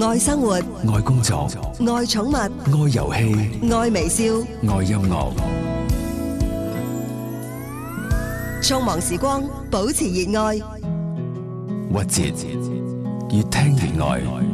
愛生活，愛工作，愛寵物，愛遊戲，愛微笑，愛音樂。匆忙時光，保持熱愛，曲折越聽越愛。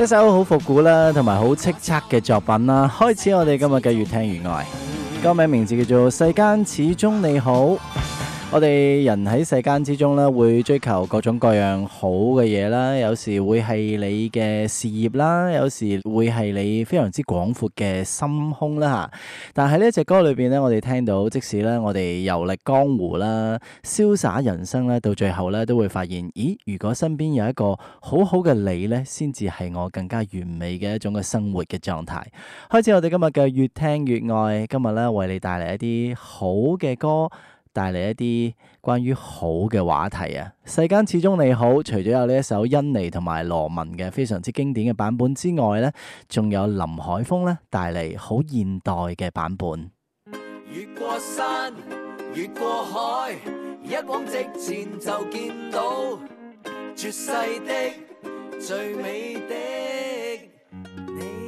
一首好復古啦，同埋好叱咤嘅作品啦，開始我哋今日嘅越聽越愛，歌名名字叫做《世間始終你好》。我哋人喺世間之中咧，會追求各種各樣好嘅嘢啦。有時會係你嘅事業啦，有時會係你非常之廣闊嘅心胸啦。吓，但係呢隻歌裏邊咧，我哋聽到，即使咧我哋遊歷江湖啦，瀟灑人生啦，到最後咧都會發現，咦？如果身邊有一個好好嘅你咧，先至係我更加完美嘅一種嘅生活嘅狀態。開始我哋今日嘅越聽越愛，今日咧為你帶嚟一啲好嘅歌。帶嚟一啲關於好嘅話題啊！世間始終你好，除咗有呢一首甄妮同埋羅文嘅非常之經典嘅版本之外呢，仲有林海峰咧帶嚟好現代嘅版本。越過山，越過海，一往直前就見到絕世的、最美的你。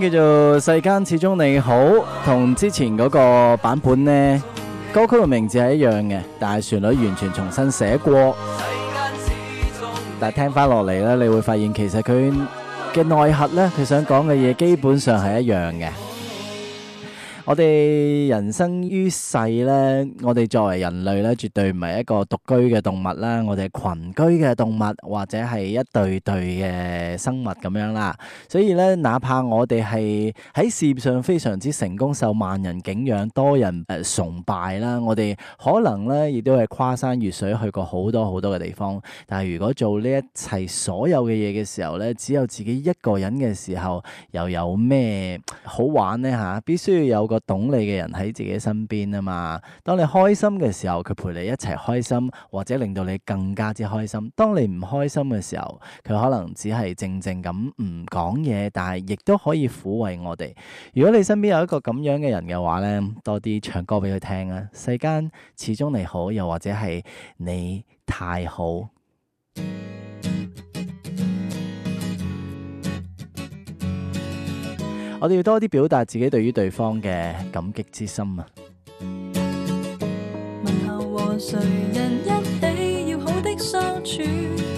叫做世間始終你好，同之前嗰個版本咧，歌曲嘅名字係一樣嘅，但係旋律完全重新寫過。但係聽翻落嚟咧，你會發現其實佢嘅內核咧，佢想講嘅嘢基本上係一樣嘅。我哋人生於世咧，我哋作為人類咧，絕對唔係一個獨居嘅動物啦。我哋係群居嘅動物，或者係一對對嘅生物咁樣啦。所以咧，哪怕我哋係喺事業上非常之成功，受萬人敬仰、多人、呃、崇拜啦，我哋可能咧亦都係跨山越水去過好多好多嘅地方。但係如果做呢一切所有嘅嘢嘅時候咧，只有自己一個人嘅時候，又有咩好玩咧？吓，必須要有個。懂你嘅人喺自己身邊啊嘛，當你開心嘅時候，佢陪你一齊開心，或者令到你更加之開心。當你唔開心嘅時候，佢可能只係靜靜咁唔講嘢，但係亦都可以撫慰我哋。如果你身邊有一個咁樣嘅人嘅話呢，多啲唱歌俾佢聽啊！世間始終你好，又或者係你太好。我哋要多啲表達自己對於對方嘅感激之心啊！問候和誰人一起，要好嘅相處。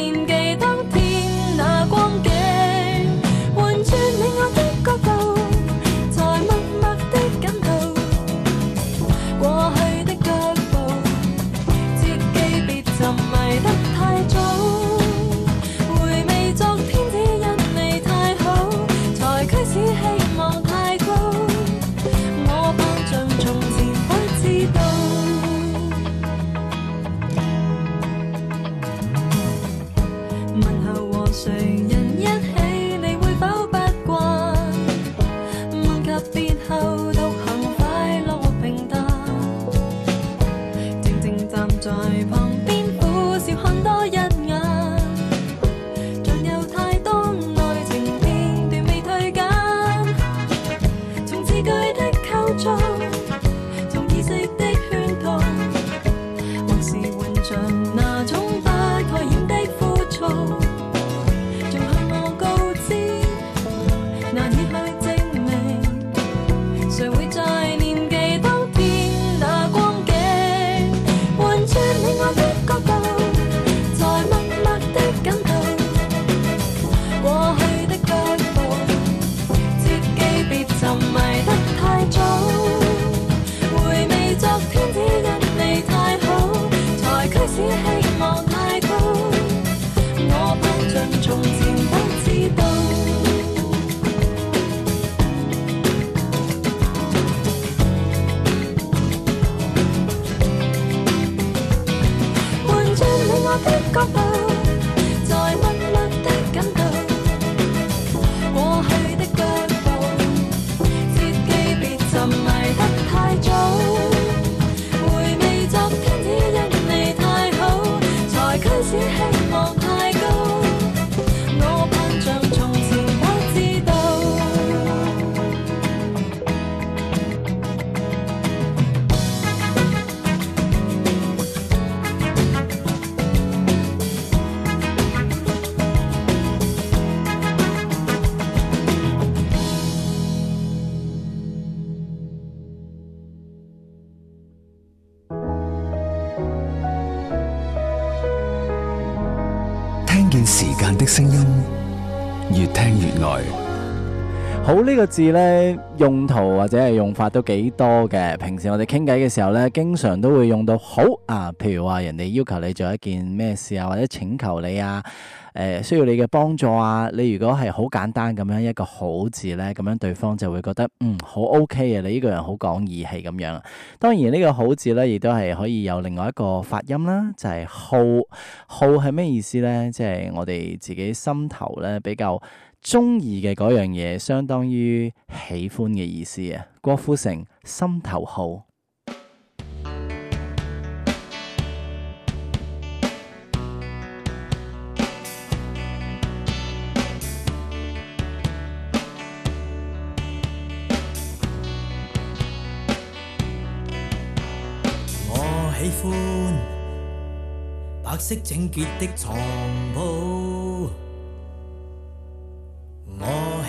呢、這個字呢，用途或者係用法都幾多嘅。平時我哋傾偈嘅時候呢，經常都會用到好啊。譬如話人哋要求你做一件咩事啊，或者請求你啊，誒、呃、需要你嘅幫助啊。你如果係好簡單咁樣一個好字呢，咁樣對方就會覺得嗯，好 OK 啊。你呢個人好講義氣咁樣。當然呢個好字呢，亦都係可以有另外一個發音啦，就係、是、好。好係咩意思呢？即、就、係、是、我哋自己心頭呢比較。中意嘅嗰樣嘢，相當於喜歡嘅意思啊！郭富城《心頭好》，我喜歡白色整潔的床鋪。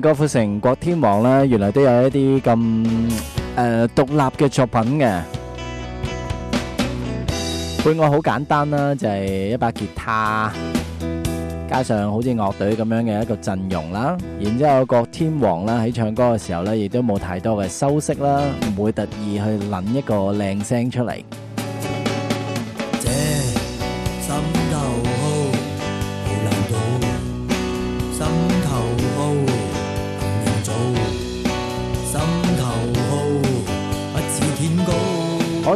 郭富城、郭天王呢，原來都有一啲咁誒獨立嘅作品嘅。配樂好簡單啦，就係一把吉他，加上好似樂隊咁樣嘅一個陣容啦。然之後郭天王啦喺唱歌嘅時候呢，亦都冇太多嘅修飾啦，唔會特意去揾一個靚聲出嚟。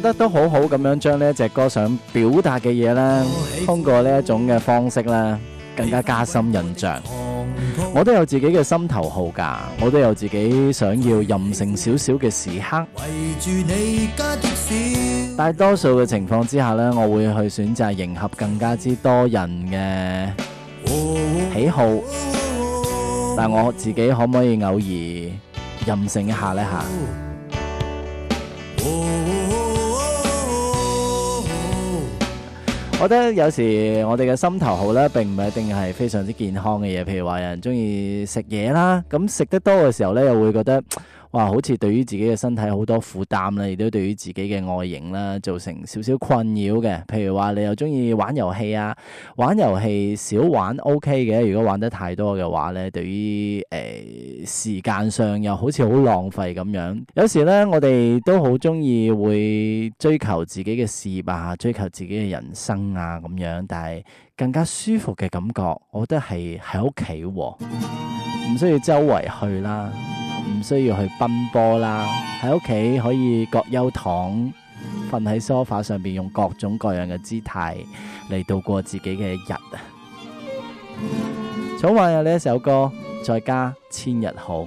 得都好好咁樣將呢一隻歌想表達嘅嘢呢，通過呢一種嘅方式呢，更加加深印象。我都有自己嘅心頭好噶，我都有自己想要任性少少嘅時刻。大多數嘅情況之下呢，我會去選擇迎合更加之多人嘅喜好，但我自己可唔可以偶爾任性一下呢？吓？我覺得有時我哋嘅心頭好咧，並唔係一定係非常之健康嘅嘢，譬如話有人中意食嘢啦，咁食得多嘅時候呢，又會覺得。哇，好似對於自己嘅身體好多負擔啦，亦都對於自己嘅外形啦造成少少困擾嘅。譬如話，你又中意玩遊戲啊，玩遊戲少玩 OK 嘅。如果玩得太多嘅話咧，對於誒、呃、時間上又好似好浪費咁樣。有時咧，我哋都好中意會追求自己嘅事業啊，追求自己嘅人生啊咁樣。但係更加舒服嘅感覺，我覺得係喺屋企喎，唔需要周圍去啦。唔需要去奔波啦，喺屋企可以葛優躺，瞓喺梳化上邊，用各種各樣嘅姿態嚟度過自己嘅一日啊！草蜢有呢一首歌，在家千日好。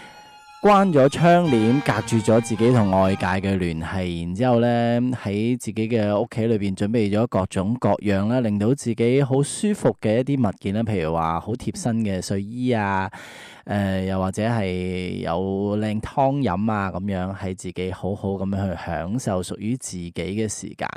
關咗窗簾，隔住咗自己同外界嘅聯繫，然之後呢，喺自己嘅屋企裏邊準備咗各種各樣啦，令到自己好舒服嘅一啲物件啦，譬如話好貼身嘅睡衣啊，誒、呃，又或者係有靚湯飲啊，咁樣，係自己好好咁樣去享受屬於自己嘅時間。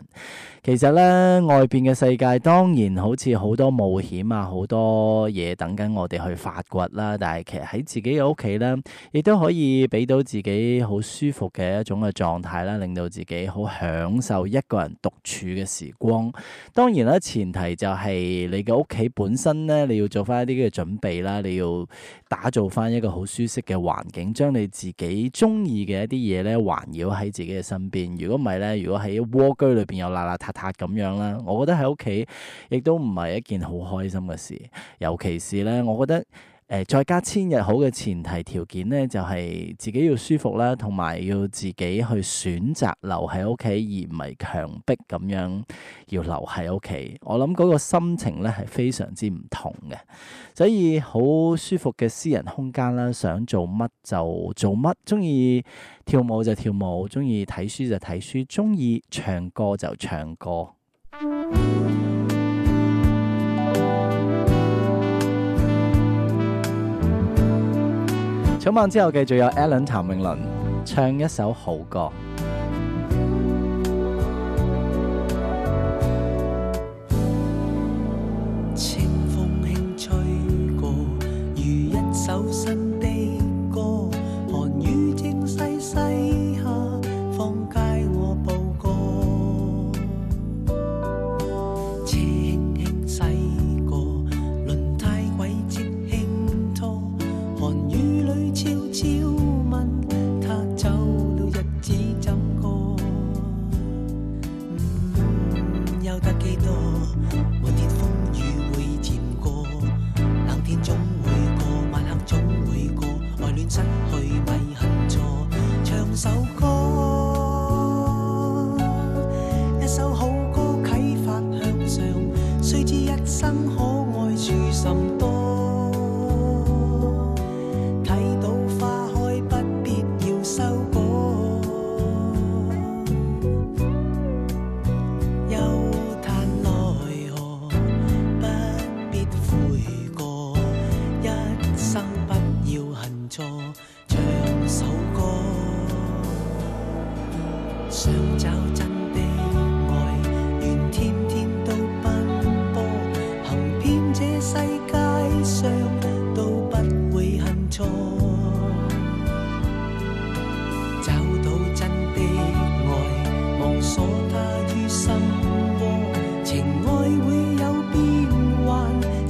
其實呢，外邊嘅世界當然好似好多冒險啊，好多嘢等緊我哋去發掘啦、啊，但係其實喺自己嘅屋企呢，亦都可以。可以俾到自己好舒服嘅一種嘅狀態啦，令到自己好享受一個人獨處嘅時光。當然啦，前提就係你嘅屋企本身咧，你要做翻一啲嘅準備啦，你要打造翻一個好舒適嘅環境，將你自己中意嘅一啲嘢咧，環繞喺自己嘅身邊。如果唔係咧，如果喺蝸居裏邊又邋邋遢遢咁樣啦，我覺得喺屋企亦都唔係一件好開心嘅事，尤其是咧，我覺得。誒、呃，在家千日好嘅前提條件咧，就係、是、自己要舒服啦，同埋要自己去選擇留喺屋企，而唔係強迫咁樣要留喺屋企。我諗嗰個心情咧係非常之唔同嘅，所以好舒服嘅私人空間啦，想做乜就做乜，中意跳舞就跳舞，中意睇書就睇書，中意唱歌就唱歌。今晚之後繼續有 Alan 譚詠麟唱一首好歌。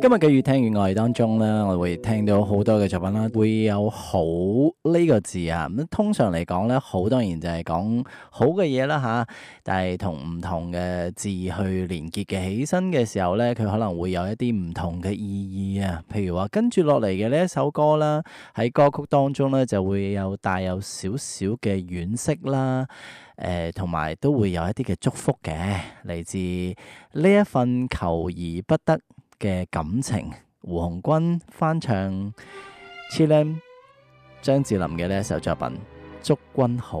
今日嘅越聽越愛當中咧，我會聽到好多嘅作品啦，會有好呢個字啊。咁通常嚟講咧，好當然就係講好嘅嘢啦吓，但係同唔同嘅字去連結嘅起身嘅時候咧，佢可能會有一啲唔同嘅意義啊。譬如話跟住落嚟嘅呢一首歌啦，喺歌曲當中咧就會有帶有少少嘅惋惜啦，誒、呃，同埋都會有一啲嘅祝福嘅嚟自呢一份求而不得。嘅感情，胡鴻鈞翻唱張智霖嘅呢一首作品《祝君好》。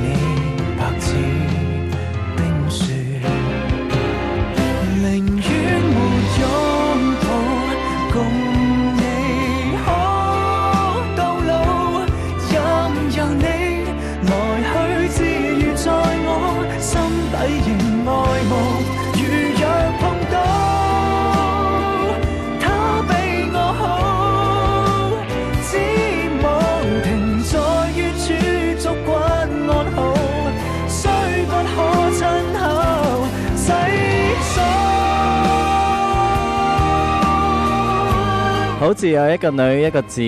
好似有一個女一個子，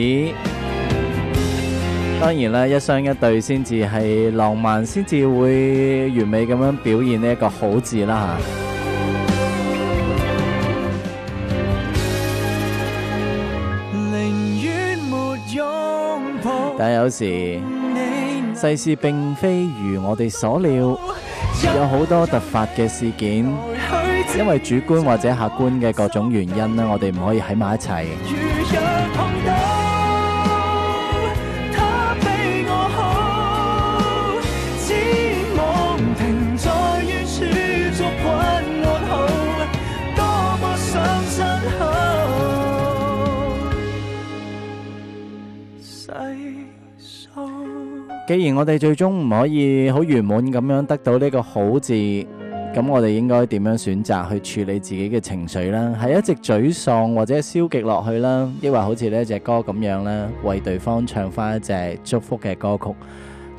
當然啦，一雙一對先至係浪漫，先至會完美咁樣表現呢一個好字啦。但有時世事並非如我哋所料，有好多突發嘅事件，因為主觀或者客觀嘅各種原因，我哋唔可以喺埋一齊。若碰到他比我好，只望停在遠處祝君安好，多麼想，既然我哋最終唔可以好圓滿咁樣得到呢個好字。咁我哋應該點樣選擇去處理自己嘅情緒呢？係一直沮喪或者消極落去啦，抑或好似呢隻只歌咁樣啦，為對方唱翻一隻祝福嘅歌曲《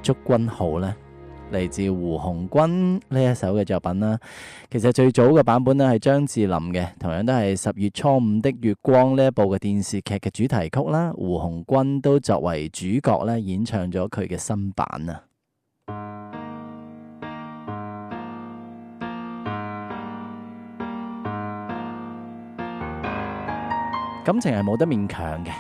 祝君好》呢？嚟自胡鴻鈞呢一首嘅作品啦。其實最早嘅版本呢係張智霖嘅，同樣都係十月初五的月光呢一部嘅電視劇嘅主題曲啦。胡鴻鈞都作為主角呢演唱咗佢嘅新版啊。感情係冇得勉強嘅，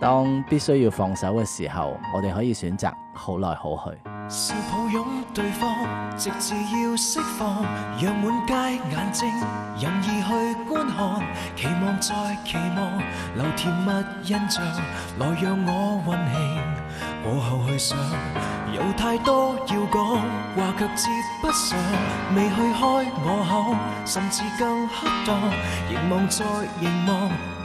當必須要放手嘅時候，我哋可以選擇好來好去。笑抱擁對方，直至要釋放，讓滿街眼睛任意去觀看，期望再期望，留甜蜜印象，來讓我運氣。往後去想，有太多要講，話卻接不上，未去開我口，甚至更恰當，凝望再凝望。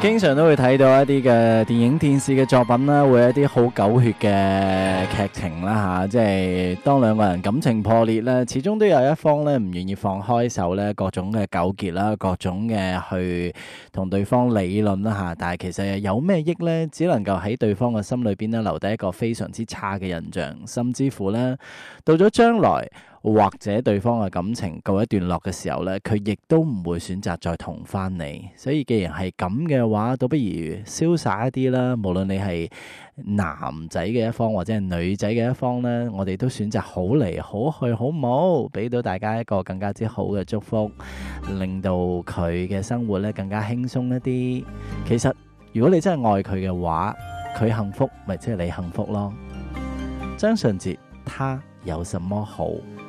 經常都會睇到一啲嘅電影、電視嘅作品啦，會有一啲好狗血嘅劇情啦吓，即係當兩個人感情破裂咧，始終都有一方咧唔願意放開手咧，各種嘅糾結啦，各種嘅去同對方理論啦吓，但係其實有咩益呢？只能夠喺對方嘅心裏邊呢，留低一個非常之差嘅印象，甚至乎呢，到咗將來。或者對方嘅感情告一段落嘅時候呢，佢亦都唔會選擇再同翻你。所以既然係咁嘅話，倒不如瀟灑一啲啦。無論你係男仔嘅一方或者係女仔嘅一方呢，我哋都選擇好嚟好去好唔好？俾到大家一個更加之好嘅祝福，令到佢嘅生活咧更加輕鬆一啲。其實如果你真係愛佢嘅話，佢幸福咪即係你幸福咯。張信哲，他有什麼好？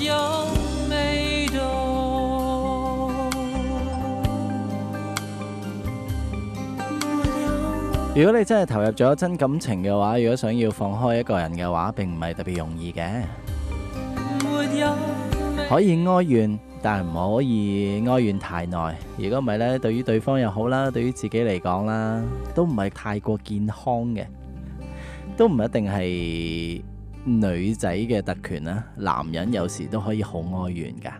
有如果你真係投入咗真感情嘅話，如果想要放開一個人嘅話，並唔係特別容易嘅。可以哀怨，但唔可以哀怨太耐。如果唔係咧，對於對方又好啦，對於自己嚟講啦，都唔係太過健康嘅。都唔一定係女仔嘅特權啦，男人有時都可以好哀怨㗎。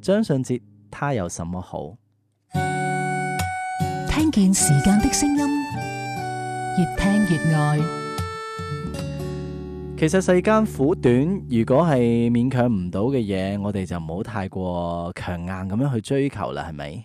張信哲，他有什麼好？聽見時間的聲音，越聽越愛。其實世間苦短，如果係勉強唔到嘅嘢，我哋就唔好太過強硬咁樣去追求啦，係咪？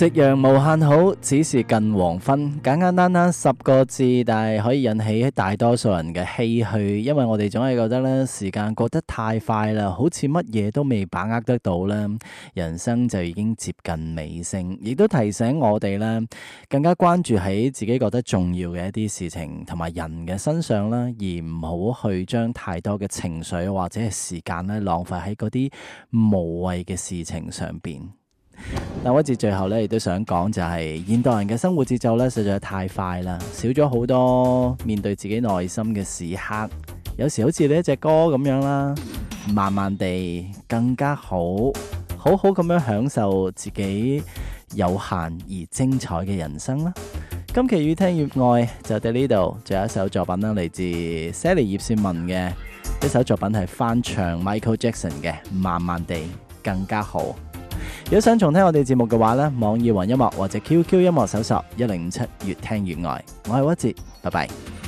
夕陽無限好，只是近黃昏。簡簡單單十個字，但係可以引起大多數人嘅唏噓，因為我哋總係覺得咧，時間過得太快啦，好似乜嘢都未把握得到啦，人生就已經接近尾聲。亦都提醒我哋咧，更加關注喺自己覺得重要嘅一啲事情同埋人嘅身上啦，而唔好去將太多嘅情緒或者係時間咧，浪費喺嗰啲無謂嘅事情上邊。但我一直最後咧，亦都想講就係現代人嘅生活節奏咧，實在太快啦，少咗好多面對自己內心嘅時刻。有時好似呢一隻歌咁樣啦，慢慢地更加好，好好咁樣享受自己有限而精彩嘅人生啦。今期越聽越愛就到呢度，最後一首作品啦，嚟自 Sally 葉倩文嘅一首作品，係翻唱 Michael Jackson 嘅《慢慢地更加好》。如果想重聽我哋節目嘅話咧，網易雲音樂或者 QQ 音樂搜索一零五七，1057，越聽越愛。我係屈哲，拜拜。